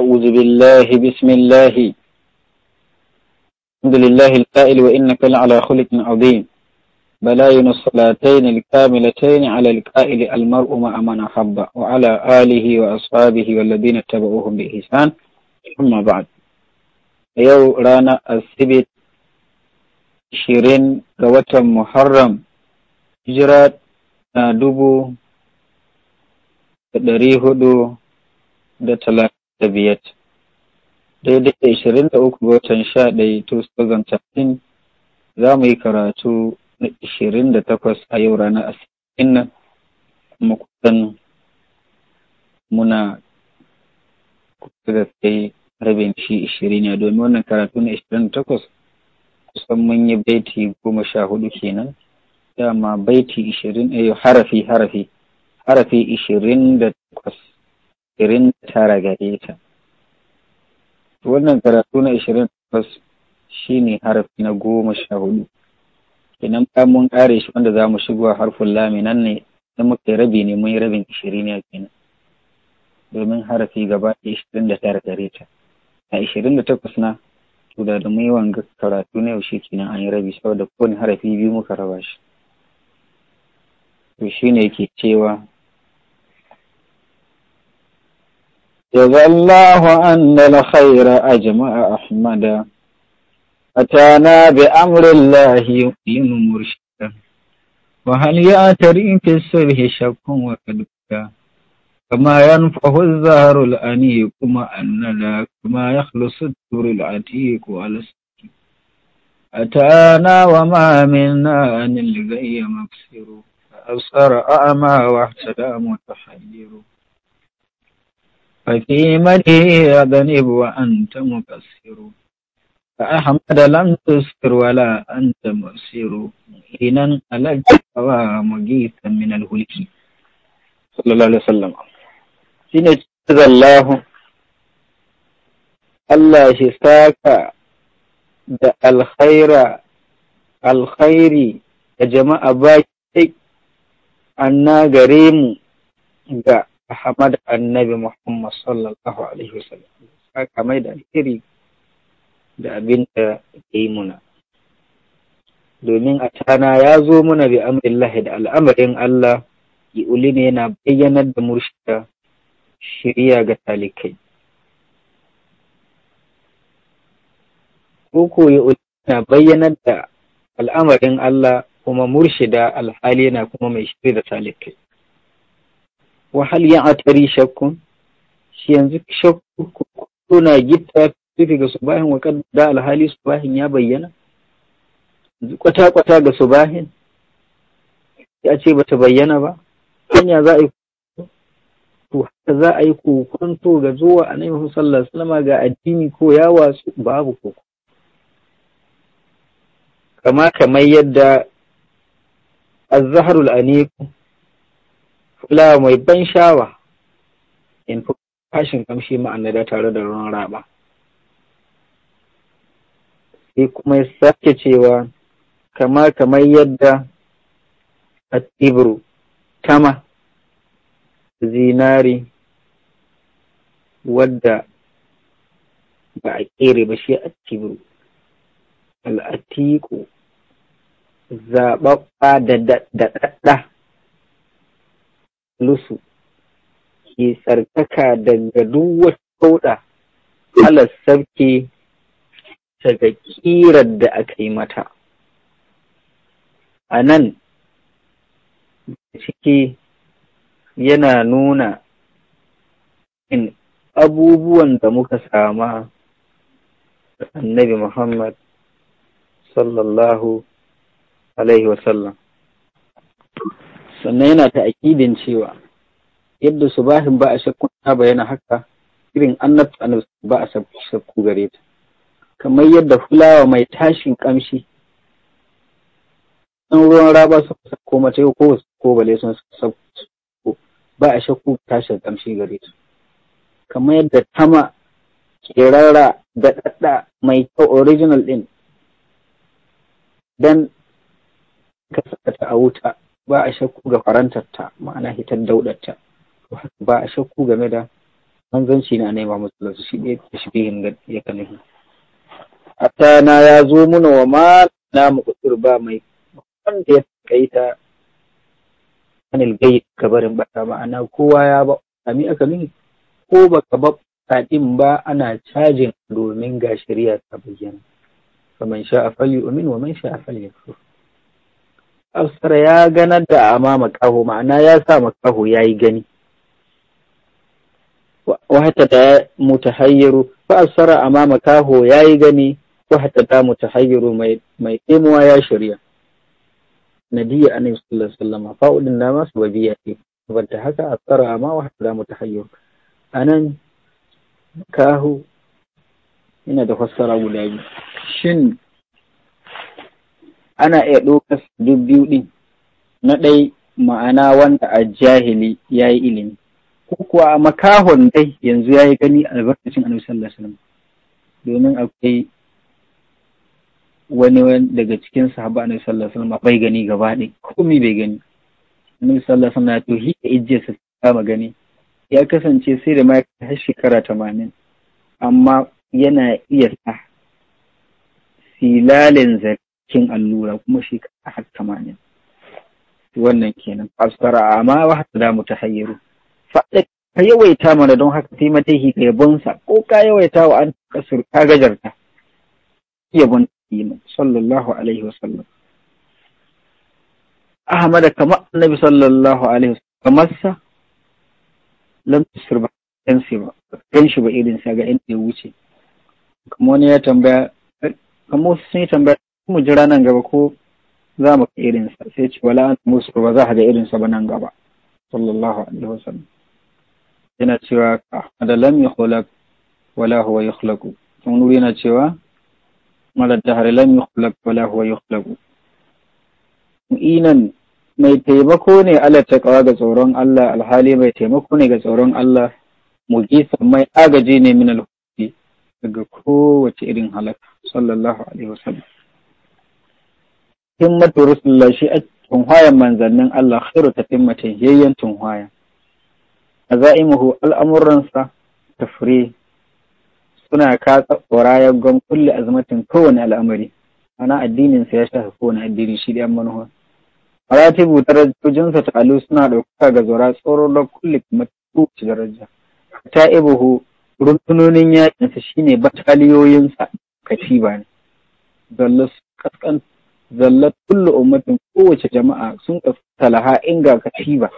أعوذ بالله بسم الله الحمد لله القائل وإنك لعلى خلق عظيم بلاين الصلاتين الكاملتين على القائل المرء مع من أحب وعلى آله وأصحابه والذين اتبعوهم بإحسان ثم بعد يو رانا السبت شيرين قوة محرم هجرات دبو dari دو دتلاك da biyar daidai da ishirin da uku ga watan sha ɗaya to sogan za mu yi karatu na ishirin da takwas a yau ranar asibitin nan kuma kusan muna kusa da sai rabin shi ishirin ya domin wannan karatu na ishirin da takwas kusan mun yi baiti goma sha hudu kenan dama baiti ishirin yau, eh, harafi harafi harafi ishirin da takwas ishirin da tara gare ta wannan karatu na ishirin takwas shi ne harafi na goma sha hudu idan ba mun kare shi wanda za mu shigo a harfin lami nan ne na muka yi rabi ne mun yi rabin ishirin ya kenan domin harafi gaba ishirin da tara gare ta a ishirin da takwas na to da mun yi wanga karatu na yaushe kenan an yi rabi saboda kowane harafi biyu muka raba shi to shine yake cewa جزى الله أن الخير أجمع أحمدا أتانا بأمر الله يقيم مرشدا وهل يأتري في السره شك وكدبدا كما ينفه الزهر الأنيق مأندا كما يخلص الدر العتيق على أتانا وما منا أن الغي مبصر فأبصر أعمى واهتدى متحير ففي مدي أذنب وأنت مقصر فأحمد لم تسر ولا أنت مؤسر حينا ألك ومجيتا من الهلك صلى الله عليه وسلم shine zallahu Allah shi saka da alkhaira alkhairi da jama'a baki anna gare mu ga Ahmad annabi Muhammad sallallahu alaihi wasallam aka mai da alheri da abin da ya yi muna domin a tana ya zo muna bi amrillahi da al'amarin Allah yi ne yana bayyanar da murshida shirya ga talikai koko ya na bayyanar da al'amarin Allah kuma murshida alhali yana kuma mai shirya da talikai wa hal atari shakkun shi yanzu shakku kuna gita fifi ga subahin wa kadda da alhali subahin ya bayyana kwata kwata ga subahin ya ce bata bayyana ba hanya za a yi to haka za a yi kokonto ga zuwa a nemi sallallahu alaihi ga addini ko ya wasu babu koko kama kamar yadda azharul aniku fulawa mai ban shawa in fashin kamshi ma'anada tare da ruwan raba sai kuma ya sake cewa kama kamar yadda a tiburu tama zinari wadda ba a kere ba shi a tiburu al'atiku zaɓaɓɓa da daɗaɗɗa lusu ke tsarkaka daga duk wata kauɗa alas sabke daga ƙirar da aka yi mata a nan ciki yana nuna in abubuwan da muka sama annabi muhammad sallallahu alaihi wasallam sannan yana ta aƙidin cewa yadda su ba a shakku ta bayyana haka irin annabta annabta ba a shakku gare ta kamar yadda fulawa mai tashin kamshi ɗan ruwan raba su sako mace ko ko bale sun sako ba a shakku tashin kamshi gare ta kamar yadda tama kerara da ɗaɗɗa mai kyau original ɗin dan ka sakata a wuta ba a shakku ga farantarta ma'ana hitar daudarta ba a shakku game da manzanci na nema musulunci shi ne tashbihin ya kanihi hatta na ya zo muna wa ma na mu ba mai wanda ya ta anil gai kabarin ba ma'ana kowa ya ba sami aka mini ko baka ba ɗin ba ana cajin domin ga shari'a ta bayyana faman sha'afali umin wa man ya falyakfur absara ya ganar da amma makaho ma'ana ya sa makaho ya yi gani wata da mutahayyaru fa absara amma makaho ya yi gani wata da hayyaru mai ɗimuwa ya shirya nadiya annabi sallallahu alaihi wasallam fa'udin na masu babiya ce ta haka absara amma wata da hayyaru. A nan, kahu yana da fassara guda biyu shin ana iya ɗaukar duk biyu ɗin na ɗai ma'ana wanda a jahili ya yi ilimi ko kuwa a makahon dai yanzu ya yi gani albarkacin annabi sallallahu alaihi domin akwai wani daga cikin sahaba annabi sallallahu alaihi bai gani gaba ɗaya komai bai gani annabi sallallahu alaihi ya to hika ijjesa kama gani ya kasance sai da ma'aikata har shekara tamanin amma yana iya sa silalin zai kin allura kuma shi a hakamanin wannan kenan asfara amma wa hatta da mu tahayyaru faɗa ka yawaita mana don haka sai matahi ka yabonsa ko ka yawaita wa an kasur ka gajarta yabon iman sallallahu alaihi wasallam ahmad kama annabi sallallahu alaihi wasallam kamarsa lam tusir ba kan shi ba kan shi ba irin sa ga inda ya wuce kamar wani ya tambaya kamar sun yi tambaya mu jira nan gaba ko za mu ga irinsa sai ce wala an musu ba za a ga irinsa ba nan gaba sallallahu alaihi wasallam yana cewa da lam yukhlaq wala huwa yukhlaqu kun nuri yana cewa mara dahar lam yukhlaq wala huwa Mu inan mai taimako ne Allah ta kawa ga tsoron Allah alhali mai taimako ne ga tsoron Allah mugisa mai agaji ne min alhufi daga kowace irin halaka sallallahu alaihi wasallam himmatu rusulullah shi a tunhayan manzannin Allah khairu tatimmatin yayyan tunhaya azaimuhu al'amuransa tafri suna katsa ƙorayen gwam kulli azmatin kowane al'amari ana addinin sa ya shafi kowane addini shi da manuwa maratibu darajojinsa ta alu suna ɗaukaka ga zora tsoron da kulli kuma tuci daraja ta ibuhu runtunonin yaƙinsa shine bataliyoyinsa katiba ne zallu kaskan Zallar kullu ummatin kowace jama'a sun kafa talaha in ga katiba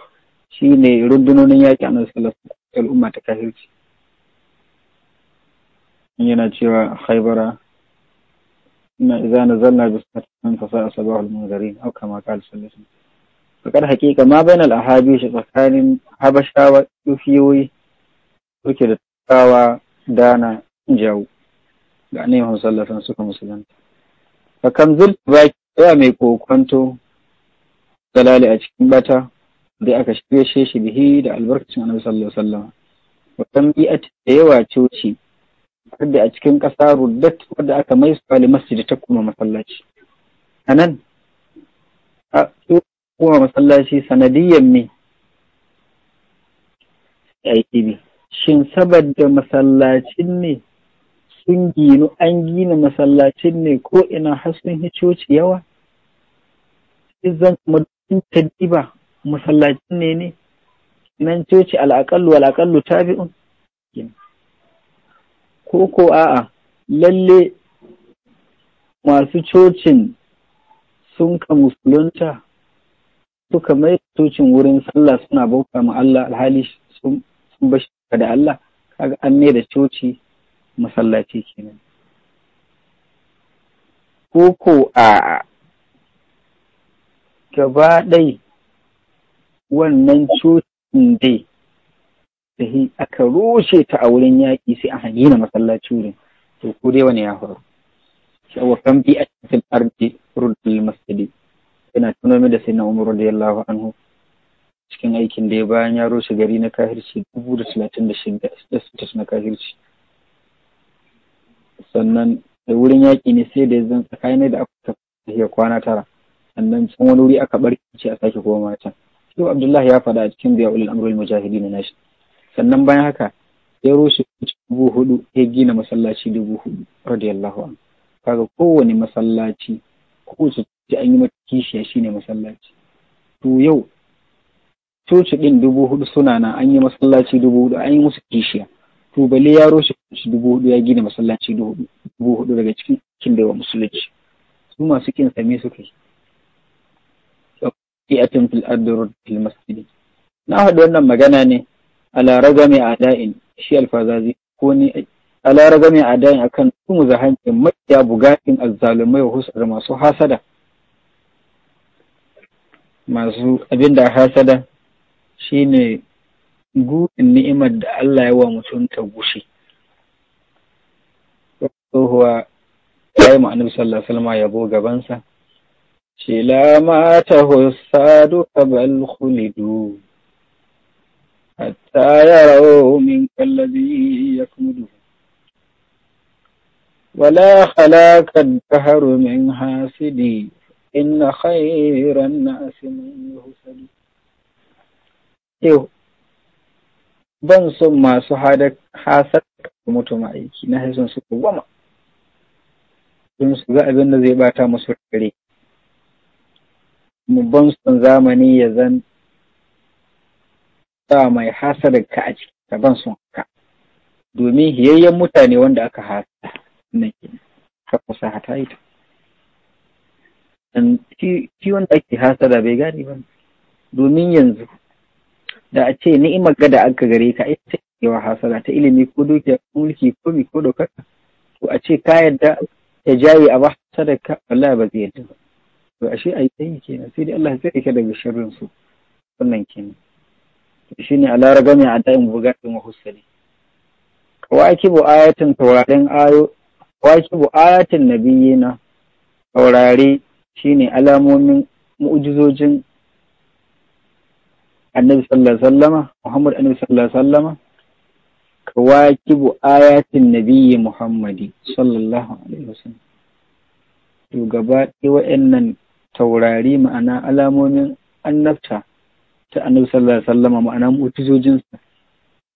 shine rundunonin yaki a sallallahu al'umma ta kafirci yana cewa haibara inna idza nazalna bi sahatin fa sa'a al munzirin au kama qala sallallahu alaihi fakar haƙiƙa ma bainal shi tsakanin habashawa kufiyoyi suke da tsawa dana jawo ga annabi sallallahu alaihi suka musulunta fa kam baki ya mai kokwanto dalali a cikin bata da aka shirye shi bihi da albarkacin annabi sallallahu alaihi wasallam wannan bi'at da yawa coci har a cikin ƙasa ruddat wadda aka mai su masjid ta kuma masallaci a a kuma masallaci sanadiyyan ne aiki ne shin saboda masallacin ne sun ginu an gina masallacin ne ko ina har sun hicoci yawa zan kuma dukkan tadiba masallacin ne ne nan coci al'aƙallu al'aƙallu un? ko ko a'a lalle masu cocin sun ka musulunta suka mai cocin wurin sallah suna bauta ma Allah alhali sun bashi da Allah kaga an ne da coci masallaci kenan ko ko a gaba ɗai wannan cocin dai da aka roshe ta a wurin yaƙi sai a na masallaci wurin to ko dai wani ya faru shawar kan bi a cikin arziki rudin masjidi yana tuno da sai na umar wa anhu cikin aikin da ya bayan ya roshe gari na kahirci dubu da talatin da shida da na kahirci sannan da wurin yaƙi ne sai da zan tsakanin da aka tafiya kwana tara sannan can wani wuri aka barkice a sake koma can shi abdullahi ya faɗa a cikin biya ulul amrul na nashi sannan bayan haka ya rushe dubu hudu ya gina masallaci dubu hudu radiyallahu an kaga kowane masallaci ko su ji an yi mata kishiya shine masallaci to yau coci din dubu hudu suna na an yi masallaci dubu hudu an yi musu kishiya to bale yaro shi dubu hudu ya gina masallaci dubu hudu daga cikin da musulunci su masu kin same suka yi a fil ardi fil masjid na haɗu wannan magana ne ala ragami ada'in shi alfazazi ko ni ala ragami ada'in akan tumu zahanci maƙiya bugatin azzalumai wa husar masu hasada masu abinda hasada shine gurin ni'imar da Allah ya wa mutum ta gushe. Tsohuwa ya yi ma'anar sallar salma yabo gabansa, ce la mata hussadu kabal khulidu, hatta yarau min kallazi ya kudu. ولا خلاك الدهر من حاسدي إن خير الناس من يحسد. ban son masu hasar mutu aiki na haison su gwama don su ga abin da zai bata musu rikare mu ban son zamani ya zan sa mai hasar ka a ciki ka ban son ka domin hiyayyen mutane wanda aka hasa na ke ka kusa hata ita shi wanda ake hasara bai gane ba domin yanzu da a ce ni'imar gada an aka gare ka ita ta yawa hasala ta ilimi ko dukiya ko mulki ko mi ko dokar to a ce ka yadda ya jaye a ba sadaka wallahi ba zai yadda ba to ashe ai yi kenan sai dai Allah ya tsare ka daga sharrin su wannan kenan shine ala ragami a da'in bugatin wa hussari bu ayatin taurarin ayo bu ayatin nabiyina taurari shine alamomin mu'ujizojin annabi sallallahu alaihi wasallama Muhammad annabi sallallahu alaihi wasallama kawakibu ayatin nabiyyi Muhammadi sallallahu alaihi wasallam to gaba ɗaya wa'annan taurari ma'ana alamomin annabta ta annabi sallallahu alaihi wasallama ma'ana mu'tizojinsa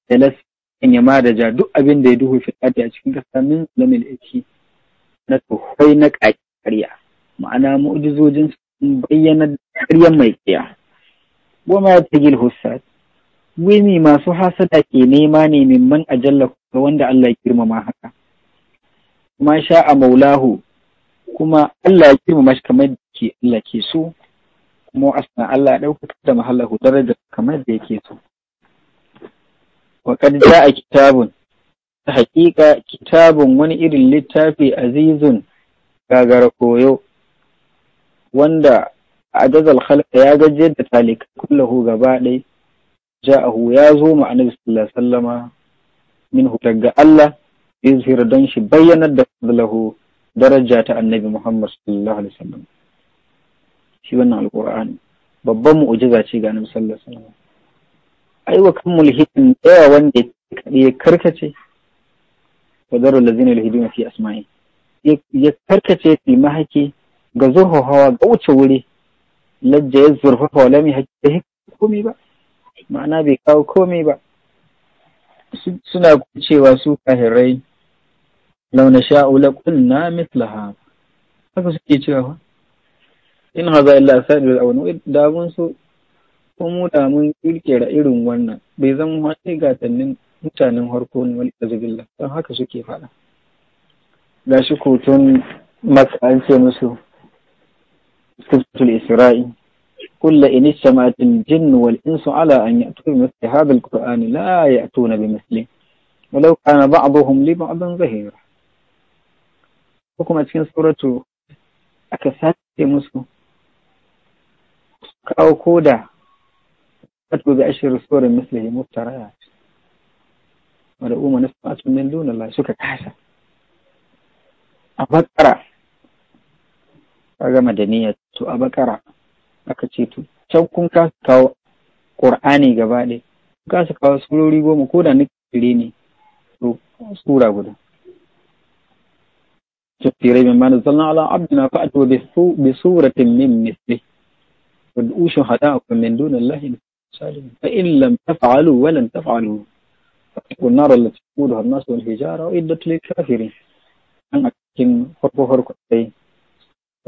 da lasin ya ja duk abin da ya duhu fi a cikin kasa min lamin iki na tuhai na ƙaƙi ƙarya ma'ana mu'jizojin sun bayyana ƙaryar mai kiya goma ta gilhu sad wani masu hasada ke nema ne mimman ajalla ga wanda Allah ya girmama haka Kuma sha a maulahu kuma Allah ya girmama shi kamar da ke Allah ke so kuma asna Allah ya ɗaukaka da mahallahu daraja kamar da yake so wa kad a kitabun ta haƙiƙa kitabun wani irin littafi azizun gagara koyo wanda A jazal khalqa ya gajiyar da talik kullahu gaba ɗai ja'ahu ya zo ma annabi sallallahu alaihi wasallama min daga Allah izhir don shi bayyanar da lahu daraja ta annabi Muhammad sallallahu alaihi wasallam shi wannan alqur'ani babban mu'jiza ce ga annabi sallallahu alaihi wasallam Aiwa kan mulhidin daya wanda ya karkace wa darul ladzina yulhiduna fi asma'i ya karkace fi mahaki ga zuhuhawa ga wuce wuri lajja ya zurfa faulam ya komai ba ma'ana bai kawo komai ba suna cewa su kahirai launa sha'ula kulna mislaha haka suke cewa in haza illa sadir awon da damun su ko mu da mun kirkira irin wannan bai zan wani gatannin mutanen harko ne wal azbillah don haka suke faɗa gashi kutun tun maka an ce musu سورة الإسراء كل إن اجتمعت الجن والإنس على أن يأتوا بمثل هذا القرآن لا يأتون بمثله ولو كان بعضهم لبعض ظهيرا حكم في سورة أكثر مسكو أو كودا koda أتوا سورة سور مثله مفتريات ولو ما نسمعت من دون الله شكرا حسن أبطرة ga madaniyar to a bakara aka ce to can kun kasa kawo ƙur'ani gaba ɗaya kun kasa kawo surori goma ko da nufire ne to sura guda tafsirai min mana zallan ala abdina fa atu bi suratin min misli wa ushu hada'akum min dunillahi salimin fa in lam taf'alu wa lan taf'alu wani hijara wa idda الناس والحجارة an a cikin farko farko sai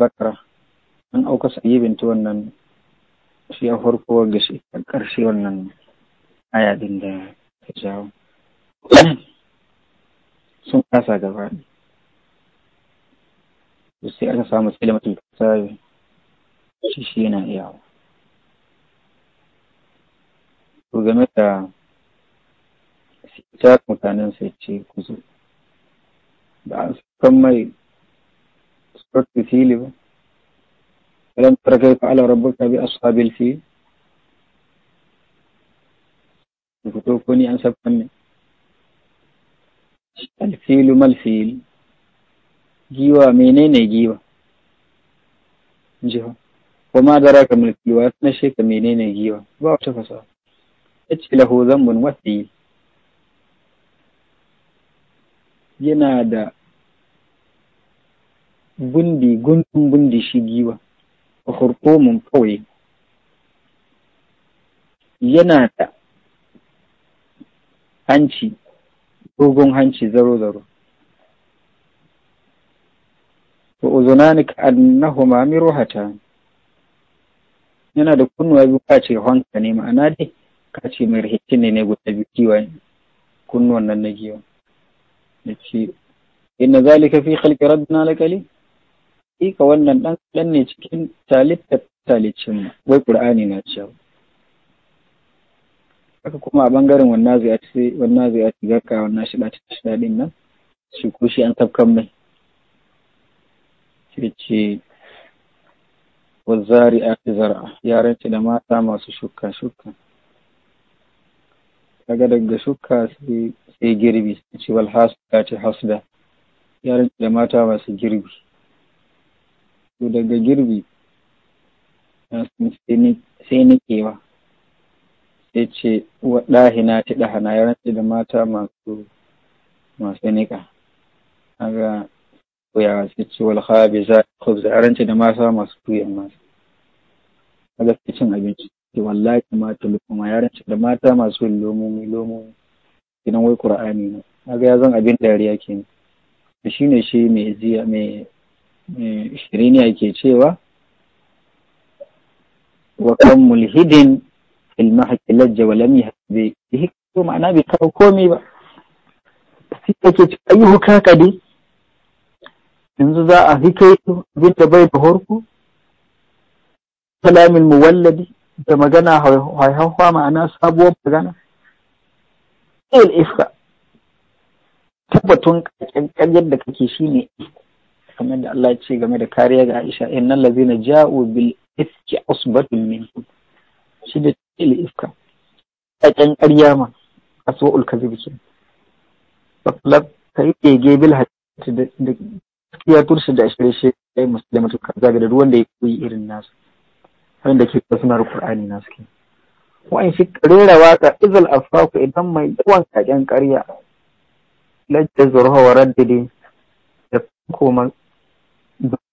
bakara an auka sa'ibin ta wannan shi a farko ga shi ƙarshe wannan aya din da ta jawo sun kasa gaba ne sai aka samu tsila mafi tsari shi shi yana iyawa to game da ta mutanen sai ce ku zo da an kan mai سورة الفيل ألم تر كيف فعل ربك بأصحاب الفيل fito ko ni an sabtan ne alfilu malfil giwa menene giwa jiha kuma dara ka mulkiwa na sheka menene giwa ba wata fasaha yace lahu zambun wasiyil yana da Gundi gunɗum gundi giwa a hurkomin kawai yana da hanci, dogon hanci zaro-zaro. Wa uzunani ka annahuma miruhatan yana da kunnuwa biyu ka ce ne ma'ana dai ka ce mai rahitin ne ne guda biyu kiwa kunnuwan nan na giwa. Ya ce, Inna zalika fi khalqi rabbina lakali? hakika wannan ɗan kaɗan ne cikin da talicin wai ƙur'ani na cewa haka kuma a ɓangaren wannan zai ci wannan zai ci garka wannan shida ta shida din nan shi ko shi an tafkan mai Shi ce wazari a zara yaran da mata masu shuka shuka kaga daga shuka sai girbi sai ce Walhasu ya ce hasda yaran da mata masu girbi to daga girbi sai nikewa sai ce wa ɗahina ta ɗahana ya rantse da mata masu masu A aga koyawa sai ce wal khabi za khubza ya rantse da mata masu tuya masu aga sai cin abinci Ki wallahi ma tulkuma ya rantse da mata masu lomomi lomo idan wai qur'ani ne aga ya zan abin dariya kenan shine shi mai ziya mai Eh, shiriniya ke cewa wa kan mulhidin fil mahaqi lajja wa lam yahdi bihi ko ma'ana bai kawo komai ba sai yake ce ayyuhu kakadi yanzu za a hikaito abin da bai da horko kalamin muwalladi da magana haihawa ma'ana sabuwar magana il ifka tabbatun kankan yadda kake shi ne kamar da Allah ce game da kariya ga Aisha innal ladzina ja'u bil iski usbatun minkum shi da il iska ƙaƙen ƙarya ma aswa'ul kadhib ke fatlab kai kege bil hadith da gaskiya turshi da shirye shi kai muslimatu kaza da ruwan da ya koyi irin nasu wanda ke kasunar Qur'ani nasu ke wa'in shi karera waka izal afaku idan mai yawan kaƙen ƙarya lajjar zurha wa raddidi da koma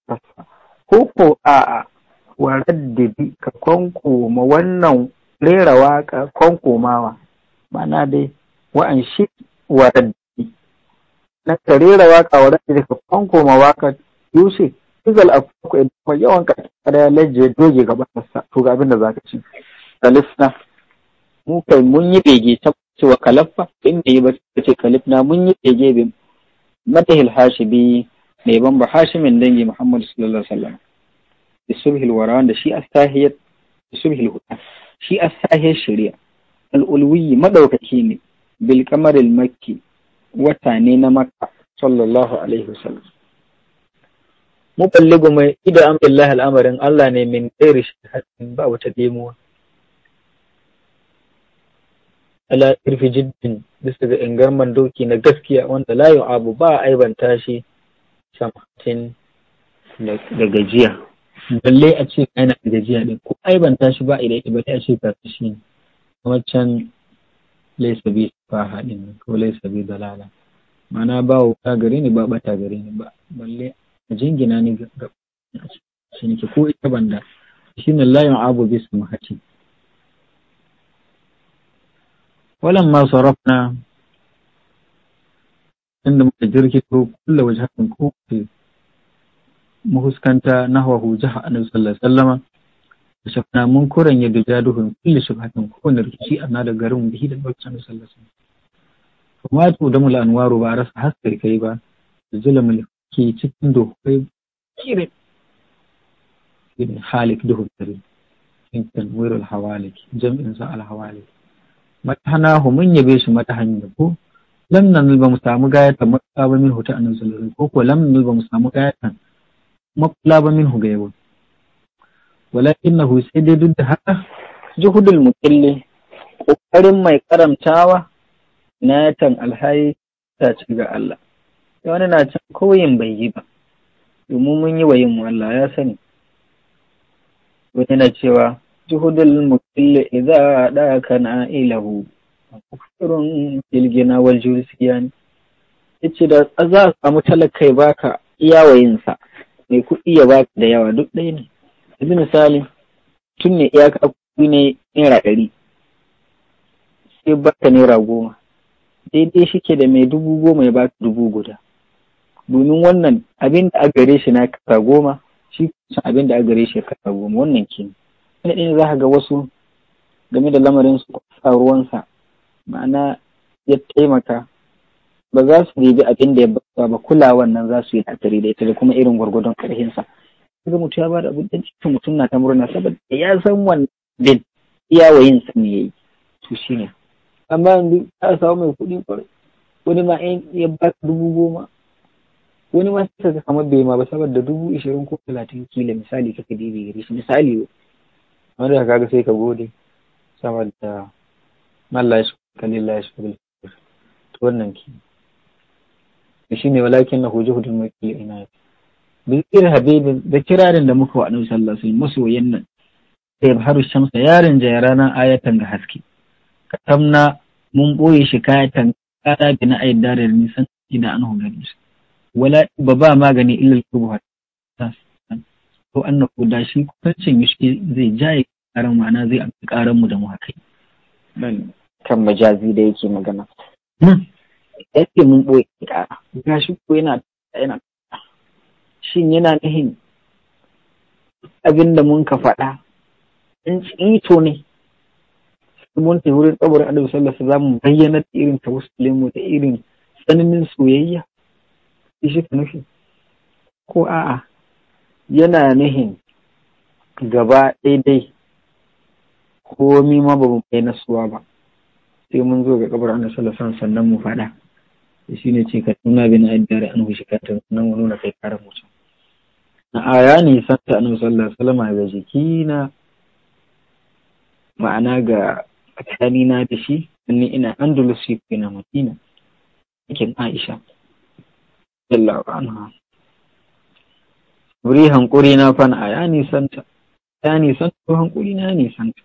kasa ko ko warar wa raddibi ka kwankoma wannan rera waka kwankomawa mana dai wa'an shi wa raddibi na ka rera waka wa raddibi ka kwankoma waka yushe izal akwai idan mai yawan ka kada laje doge gaba sa to ga abin da za ka ci kalifna mu kai mun yi bege ta cewa kalaffa inda yi ba ce kalifna mun yi bege bin matahil hashibi ne ban hashimin dangi Muhammadu sallallahu alaihi wasallam bisulhil wara wanda shi astahiyat bisulhil huda shi astahiyat shari'a al'ulwi madaukaki ne bil kamaril makki wata ne na makka sallallahu alaihi wasallam muballigu mai ida amdillahi amarin Allah ne min ɗairi shi ba wata demuwa ala irfi jiddin bisa ga ingarman doki na gaskiya wanda layu abu ba aibanta shi shamatin da gajiya balle a ce yana da gajiya ɗin, ko ai ban tashi ba idan ba a ce ta shi kamar can laisa bi faha din ko laisa bi dalala mana ba wa ta gare ni ba bata gare ni ba balle a jingina ni ga shi ne ko ita banda shi ne layin abu bi samahati walamma sarrafna inda muka jirkito kulla hakan ko mahuskanta nahwahu jiha a sallallahu sallama Da shafana mun koren yadda shi hakan ko wani rikici na da garin bihi da bacci annabi sallallahu alaihi wasallam kuma da mul anwaru ba a rasa haskar kai ba mu ke cikin kai kire kire halik duhun tare in tanwirul hawalik jam'in sa al hana hu mun yabe shi mata hanyar ko. lam nanzil ba mu samu gayatan matsala ba minhu a annabi sallallahu alaihi wasallam ko lam nanzil ba mu samu gayatan matsala ba minhu ga yabo na sai dai duk da haka juhudul muqilli kokarin mai karamtawa na yatan alhayi ta ci ga Allah sai wani na can koyin bai yi ba domin mun yi wa yin Allah ya sani wani na cewa juhudul muqilli idza da kana ilahu kusurun waljuri su julisiya ne yace da za a samu talaka ya iyawayin sa mai kuɗi ya baka da yawa duk ɗaya ne yanzu misali tun ne iyaka kuɗi ne naira ɗari sai baka naira goma daidai shi ke da mai dubu goma ya baka dubu guda domin wannan abin da a gare shi na kasa goma shi kusan abin da a gare shi kasa goma wannan ke wani ɗaya za ka ga wasu game da lamarin su a ruwansa ma'ana ya taimaka ba za su ribi abin da ya ba ba kulawan nan za su yi la'akari da ita da kuma irin gwargwadon karhinsa kaga mutum ya ba da abin cikin mutum na ta murna saboda ya san wannan bin iyawayin sa ne yayi to shine amma yanzu ka samu mai kuɗi kwarai wani ma in ya ba dubu goma wani ma sai ka kamar bai ma ba saboda dubu ishirin ko talatin kila misali kaka dibi gari shi misali wanda ka ga sai ka gode saboda Allah ya kan lillahi shafil to wannan ke shi ne walakin na hoji hudun wakil ina bizir habibin da kirarin da muka wa annabi sallallahu alaihi wasallam masoyan nan sai haru shamsa yarin ja rana ayatan ga haske katamna mun boye shi kayatan kada bi na aidarar nisan an hungari ba ba magani illa kubuhat to annahu da shi kusancin yushki zai jaye karan ma'ana zai amsa karan mu da mu haka kan majazi da yake magana nan hmm. yake mun ɓoye ƙara ga shi ko yana yana shin yana nihin abin da mun ka faɗa in tsito ne mun ta wurin tsabarin da sallallahu za mu bayyana ta irin lemu da irin tsananin soyayya shi ka nufi ko a'a yana nihin gaba daidai komi ma ba mu nasuwa ba sai mun zo ga kabar annabi sallallahu alaihi sannan mu faɗa shi ne ce ka nuna bin addare an hushi ta Nan mu nuna kai karan mutum na aya ne santa annabi sallallahu alaihi wasallam ga jikina ma'ana ga na da shi ni ina andalus shi na madina cikin aisha sallallahu anha wuri hankuri na fana a ya nisanta ya nisanta hankuri na nisanta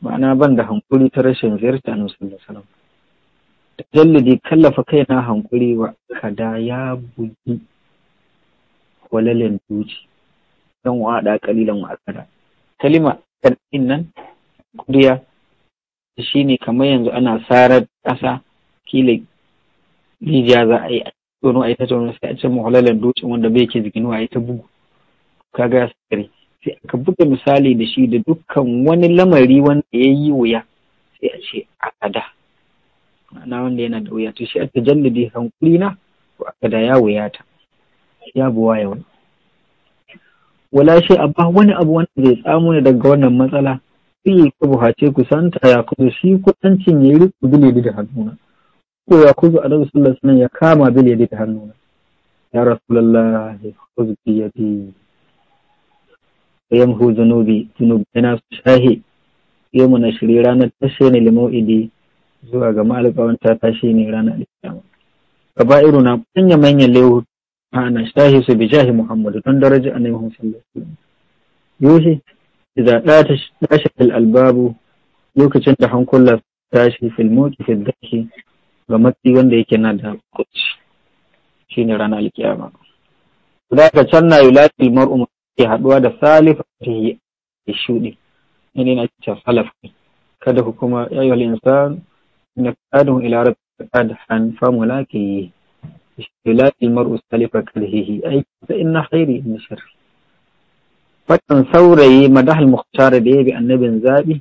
ma'ana ban da hankuri ta rashin ziyarta na sallallahu alaihi wasallam tajallidi kallafa kaina hankuri wa kada ya bugi walalen duci dan wada kalilan wa akada kalima kadin nan kuriya shine kamar yanzu ana sarar ƙasa kila rijiya za a yi tono a yi ta tono sai a ce halalan dutsen wanda bai ke jikin wa ta bugu kaga ya sakare sai aka buga misali da shi da dukkan wani lamari wanda ya yi wuya sai a ce a kada na wanda yana da wuya to shi a da hankuri na ko a kada ya wuyata ya buwa ya wani wala shi abba wani abu wanda zai tsamu ne daga wannan matsala sai ya ku buhace ku ya kudu shi kudancin ya yi riko bilidi da hannuna ko ya kuzo a daga sallar ya kama bile da hannuna ya rasulallah ya kuzo biyadi yamhu zunubi zunubi yana shahi yau na shiri ranar tashe ne limau'idi zuwa ga ma'alƙawanta tashe ne ranar alƙiyama kaba'iru na manya manyan lewu ana shahi su bi jahi muhammadu don daraja annabi muhammad sallallahu alaihi wasallam yoshi idza dashi albabu lokacin da hankula tashi fil mawqif al dashi ga matsi wanda yake na da hukunci shine ranar alƙiyama da ka can na yulati al mar'u ke haɗuwa da salif ta yi shuɗi ne ina cewa salaf kada ku kuma ayyuhal insan na kadun ila rabbika qadhan fa mulaki istilaqi mar'u salifa kalhihi ai fa inna khairi min sharri fatan saurayi madahal mukhtar da yabi annabin zabi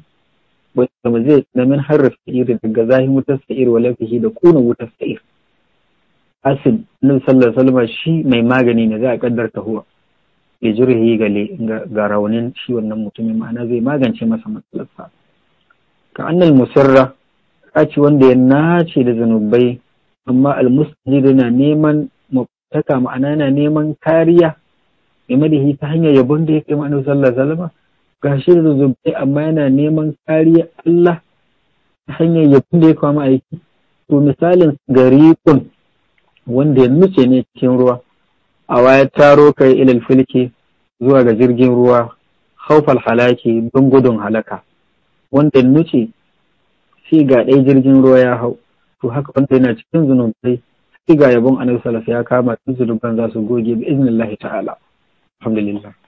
wanda mu zai na min harraf sa'ir daga zahin wutar sa'ir wa lafihi da kuna wuta sa'ir asin nan sallallahu alaihi wasallam shi mai magani ne za a kaddarta huwa li jirhi ga raunin shi wannan mutumin ma'ana zai magance masa matsalarsa ka annal musirra ce wanda ya nace da zanubai amma almustajir na neman mutaka ma'ana na neman kariya game ta hanyar yabon da ya kai ma'anar sallar salama ga shi da zanubai amma yana neman kariya Allah ta hanyar yabon da ya kwama aiki to misalin gari wanda ya nuce ne cikin ruwa A ya taro kai ilal filki zuwa ga jirgin ruwa haufal halaki don gudun halaka wanda nuce shi ga ɗaya jirgin ruwa ya hau to haka wanda yana cikin zunubai sai ga yabon annabi salaf ya kama tun zunuban za su goge bi iznillahi ta'ala alhamdulillah